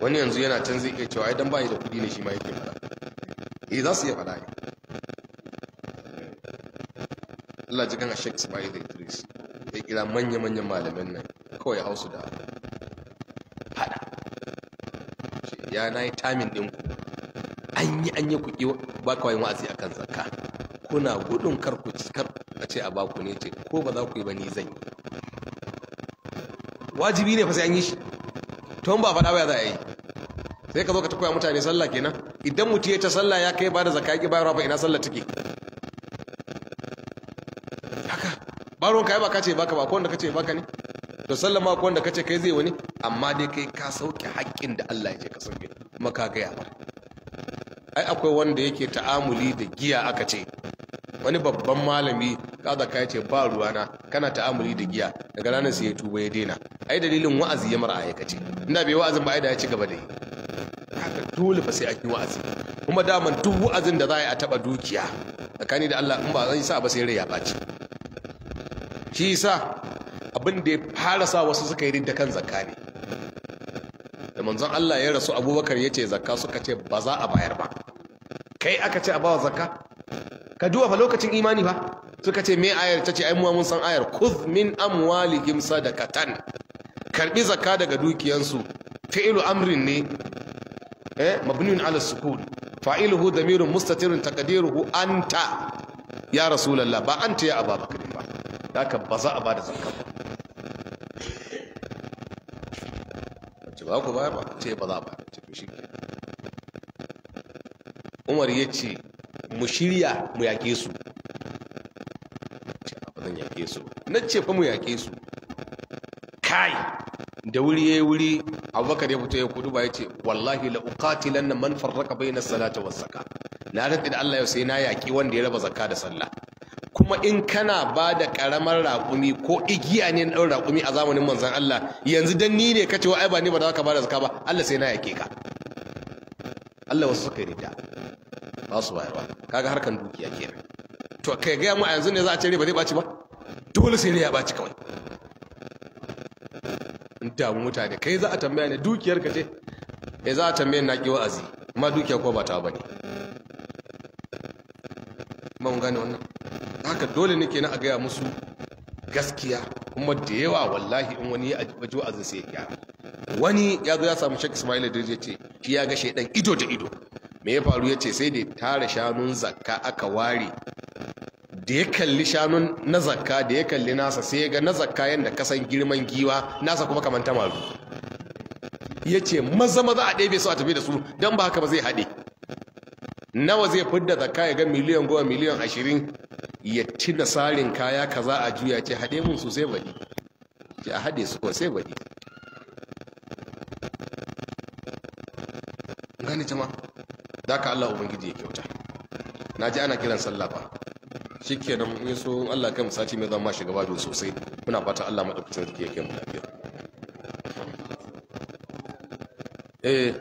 A: wani yanzu yana can zai iya cewa ai dan bai da kudi ne shi ma yake fara. eh za su iya fara Allah ji kan Sheikh Ismail Idris ya kira manya-manyan malaman nan kawai hausu da hada ya na yi din ku an yi an yi kuɗi ba kawai yin a akan zakka kuna gudun kar ku kar a ce a baku ne ce ko ba za ku yi ba ni zan yi wajibi ne fa sai an yi shi to ba faɗa ba za a yi sai ka zo ka takoya mutane sallah kenan idan mutum ya ta sallah ya kai ba da zakka ya bayarwa ba ina sallah take haka baron ka yi ba ka ce baka ba ko wanda ka ce baka ne to sallah ma ko wanda ka ce kai zai wani amma dai kai ka sauke haƙƙin da Allah ya ce ka sauke maka ga ya ba ai akwai wanda yake ta'amuli da giya aka ce wani babban malami kaza ka ce ba ruwana kana ta'amuli da giya daga ranar sai ya tuba ya daina ai dalilin wa'azi ya mara aikace inda bai wa'azin ba ai da ya ci gaba da yi haka dole ba sai an yi wa'azi kuma daman duk wa'azin da za a yi a taba dukiya tsakani da Allah in ba zan sa ba sai rai ya baci shi yasa abin da ya fara sa wasu suka yi da kan zakka ne da manzon Allah ya rasu Abubakar ya ce zakka suka ce ba za a bayar ba kai aka ce a bawa zakka ka duba fa lokacin imani ba suka ce me ayar ta ce ai muwa mun san ayar kuz min amwalihim sadaqatan karbi zakka daga dukiyansu fi'lu amrin ne eh mabniun ala sukun fa'iluhu damirun mustatirun taqdiruhu anta ya rasulullah ba anta ya ababakar ba haka ba za a bada zakka ba ba ku ba ba ce ba za ba ce to umar ya ce mu shirya mu yaƙe su na ce fa mu yaƙe su kai da wuri ya yi wuri abubakar ya fito ya kudu ba ya ce wallahi la lanna man farraqa bayna salati was saka. na rantsi da Allah ya sai na yaƙi wanda ya raba zakka da sallah kuma in kana ba da ƙaramar raƙumi ko igiya ne na ɗaura raƙumi a zamanin manzan Allah yanzu dan ni ne kace ai ba ni ba da ka ba da zakka ba Allah sai na yaƙe ka Allah wasu suka rida ba su baya ba kaga harkan dukiya ke to kai gaya mu a yanzu ne za a ce riba zai baci ba dole sai ne ya baci kawai in damu mutane kai za a tambaya ne dukiyar ka ce eh za a tambaye na ki wa'azi amma dukiya ko ba ta ne ma mun gane wannan haka dole ne kenan a gaya musu gaskiya kuma da yawa wallahi in wani ya ajiye wa'azin sai ya gyara wani ya zo ya samu shek ismail da ya ce shi ya ga shaidan ido da ido me ya faru ya ce sai da tara shanun zakka aka ware da ya kalli shanun na zakka da ya kalli nasa sai ya ga na zakka yadda kasan girman giwa nasa kuma kamar ta malu. ya ce maza maza a ɗebe su a tafi da su don ba haka ba zai haɗe nawa zai fidda zakka ya ga miliyan goma miliyan ashirin ya tina sarin kaya kaza a juya ce haɗe mun su sai baɗi ce a haɗe su sai baɗi jama'a da ka Allah ubangiji ya kyauta na ji ana kiran sallah ba Shi kenan mun so Allah kai mu sati mai zama shiga bado sosai muna fata Allah madaukakin sarki ya kai mu lafiya eh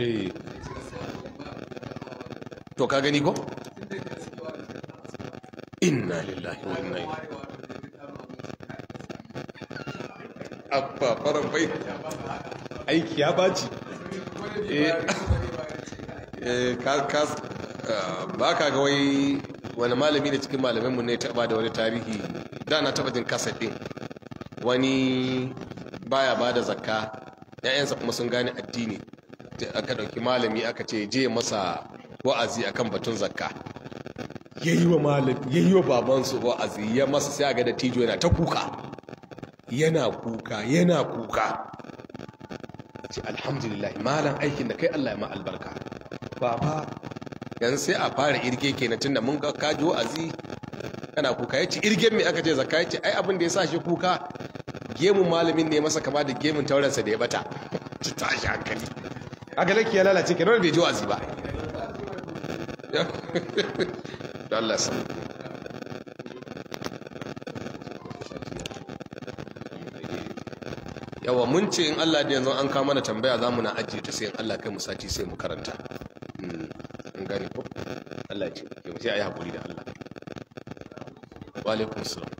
A: eh to ka gani ko inna lillahi wa inna ilaihi abba faran bai aiki ya baci Eh, eh, eh, ba ka ga wai wani malami da cikin malaminmu ne taba da wani tarihi da na taba jin kasa din wani baya ba da zakka ‘ya'yansa kuma sun gane addini aka ɗauki malami aka ce je masa wa'azi akan batun zakka yayi wa malami yayi wa babansu wa'azi ya masa sai a ga da tijo yana ta kuka yana kuka yana kuka ce alhamdulillah malam aikin da kai Allah ya ma albarka baba yan sai a fara irge kenan tunda mun ga kaji wa'azi kana kuka yace irgen me aka ce ya yace ai abin da ya sa shi kuka gemun malamin ne masa kama da gemun tauransa da ya bata ci tashi hankali aka laki ya lalace kenan bai ji wa'azi ba Allah mun ce in Allah da yanzu an kawo mana tambaya za mu na ajiye ta sai in Allah kai mu sati sai mu karanta in hmm, gane ko Allah ya ce sai a yi haƙuri da Allah wa alaikum salam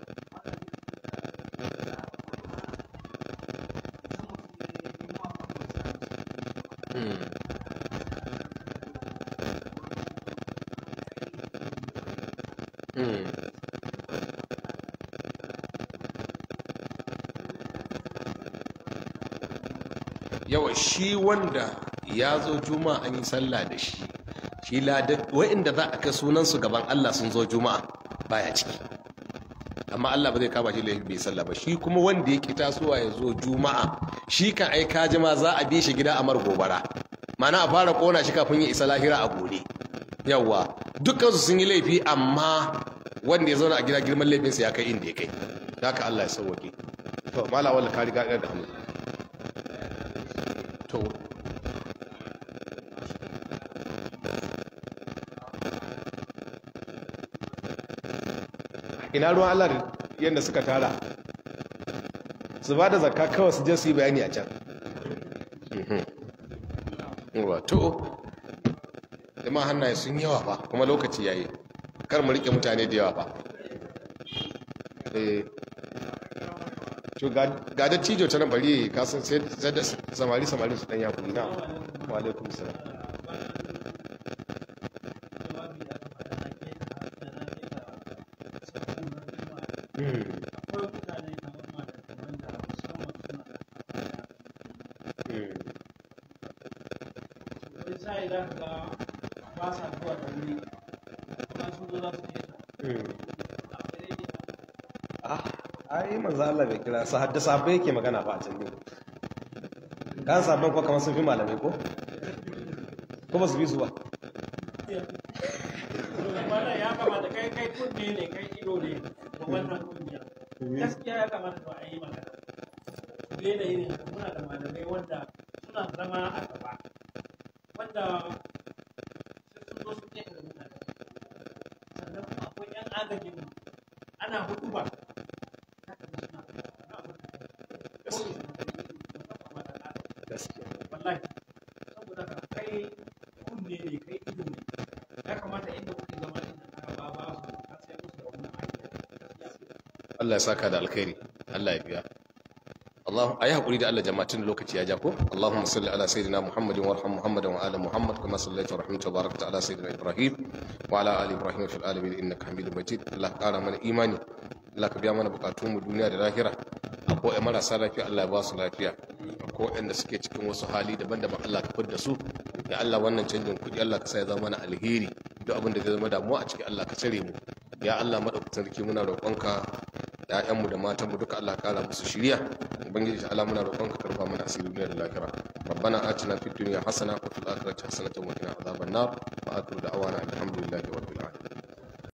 A: shi wanda ya zo juma'a an yi sallah da shi shi ladan wa'inda za a kai sunansu gaban Allah sun zo juma'a baya ciki amma Allah ba zai kama shi laifin bai sallah ba shi kuma wanda ya yake tasowa ya zo juma'a shi kan ai kajima za a bi shi gida a mar gobara mana a fara kona shi kafin ya isa lahira a gobe yawwa dukkansu sun yi laifi amma wanda ya zauna a gida girman laifinsa ya kai inda ya kai haka Allah ya sauwake to mala wala ka riga da hamu ina ruwan Allah da yadda suka tara su ba da zakka kawai su je su yi bayani a can mhm. wato dama hannaye sun yawa ba? kuma lokaci ya yi. kar mu rike mutane da yawa ba. eh to ga da cijo ta nan bari kasan sai samari samari su ɗan yakuri na wa salam sai za ka ga zuwa da wuri kuma za su hmm. ah, ah, Allah kira su haddasa yake magana ba a sun fi ko ba su bi su ba ya kamata kai kai kunne ne kai ido ne hmm. gaskiya ya kamata ba a yi magana ne da irin da malamai wanda suna zama a Allah ya saka da alkhairi Allah ya biya Allah ayi hakuri da Allah jama'a lokaci ya ja ko Allahumma salli ala sayidina Muhammadin wa arham Muhammadan wa ala Muhammad kama sallaita wa rahmata wa barakta ala sayidina Ibrahim wa ala ali Ibrahim fil alamin innaka Hamidum Majid Allah mana imani Allah ka biya mana mu duniya da lahira akwai marasa lafiya Allah ya ba su lafiya suke cikin wasu hali daban-daban Allah ka fidda su da Allah wannan canjin kuɗi Allah ka sa ya zama mana alheri duk abin da zai zama damuwa a Allah ka tsare mu ya Allah madaukakin sarki muna roƙonka ƴaƴanmu da matanmu duka Allah kara musu shiriya ubangiji ta Allah muna roƙon ka karfa mana asiri duniya da lahira rabbana atina fid dunya hasana wa fil akhirati hasanatan wa qina adhaban nar wa akhiru da'wana alhamdulillahi